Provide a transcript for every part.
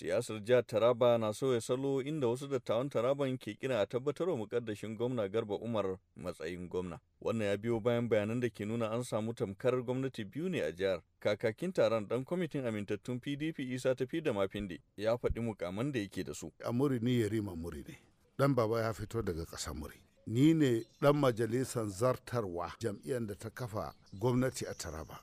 Siyasar jihar Taraba na sauya salo inda wasu dattawan Taraban ke kira a tabbatar wa mukaddashin gwamna Garba Umar matsayin gwamna. Wannan ya biyo bayan bayanan da ke nuna an samu tamkar gwamnati biyu ne a jihar. Kakakin taron dan kwamitin amintattun PDP Isa Tafi da Mafinde ya faɗi mukaman da yake da su. A muri ni Yarima muri ne. Dan baba ya fito daga ƙasa muri. Ni ne dan majalisar zartarwa jam'iyyar da ta kafa gwamnati a Taraba.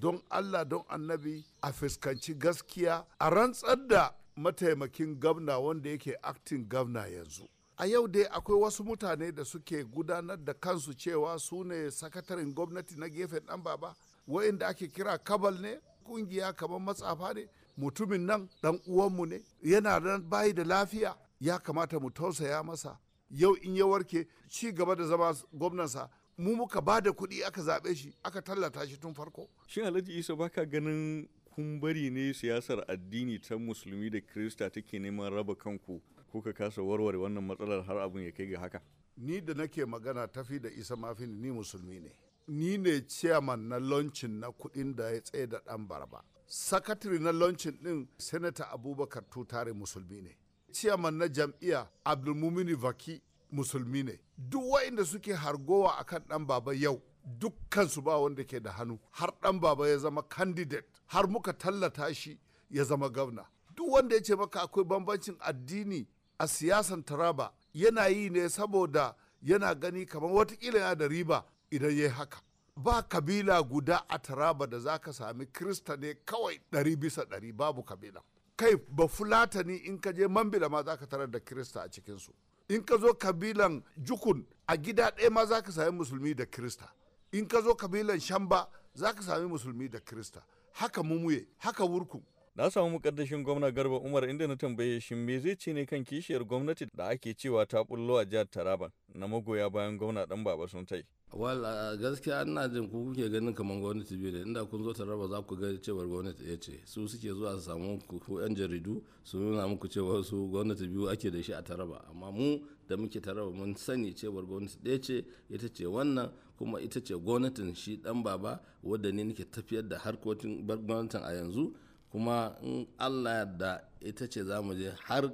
don allah don annabi a fuskanci gaskiya a rantsar da mataimakin gwamna wanda yake acting gwamna yanzu a yau dai akwai wasu mutane da suke gudanar da kansu cewa su ne sakataren gwamnati na gefen ɗan baba wa'inda ake kira kabal ne kungiya kamar matsafa ne mutumin nan ɗan uwanmu ne yana nan bayi da lafiya ya kamata mu tausaya masa yau in ya warke ci gaba da zama gwamnansa mu muka ba da kuɗi aka zaɓe shi aka tallata shi tun farko shin alhaji isa baka ganin kun bari ne siyasar addini ta musulmi da kirista take neman raba kanku kuka kasa warware wannan matsalar har abin ya kai ga haka ni da nake magana tafi da isa mafi ni musulmi ne ni ne chairman na loncin na kudin da ya tsaye da dan barba sakatari na launching din senator abubakar tutare musulmi ne chairman na jam'iyya abdulmumini vaki musulmi ne duk waɗanda suke hargowa a kan ɗan baba yau dukkansu ba wanda ke da hannu har ɗan baba ya zama candidate har muka tallata shi ya zama gwamna duk wanda ya ce maka akwai bambancin addini a siyasan taraba yana yi ne saboda yana gani kamar watakila yana da riba idan ya yi haka ba kabila guda a taraba da za ka sami krista ne kawai ɗari bisa ɗari babu kabila kai ba fulata ni in ka je mambila ma za ka tarar da krista a cikinsu in ka zo kabilan jukun a gida ɗaya ma za ka sami musulmi da krista in ka zo kabilan shamba za ka sami musulmi da krista haka mumuye haka wurkun Na samu mukaddashin gwamna Garba Umar inda na tambaye shi me zai ce ne kan kishiyar gwamnati da ake cewa ta bullo a jihar Taraban na magoya bayan gwamna dan Baba sun tai. Wal gaskiya ina jin ku kuke ganin kamar gwamnati biyu ne inda kun zo Taraba za ku ga cewar gwamnati ɗaya ce su suke zuwa su samu ku yan jaridu su nuna muku cewa su gwamnati biyu ake da shi a Taraba amma mu da muke Taraba mun sani cewar gwamnati ɗaya ce ita ce wannan kuma ita ce gwamnatin shi dan baba wadda ne nake tafiyar da harkokin gwamnatin a yanzu kuma in allah da ita ce za mu je har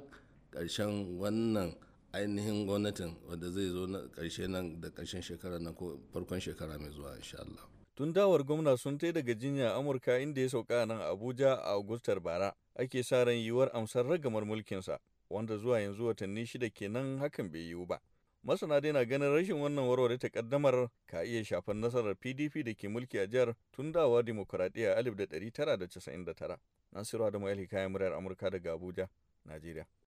ƙarshen wannan ainihin gwamnatin wadda zai zo na ƙarshe nan da ƙarshen shekara na ko farkon shekara mai zuwa insha Allah. Tun dawar gwamna sun tai daga jinya Amurka inda ya sauka nan Abuja a Agustar bara ake sa ran yiwuwar amsar ragamar mulkinsa wanda zuwa yanzu watanni shida kenan hakan bai yiwu ba. masana dai na ganin rashin wannan warware ta kaddamar ka iya shafan nasarar pdp da ke mulki a jihar tun dawa dimokuraɗiyya 1999 nasiru adamu alhikayen muryar amurka daga abuja najeriya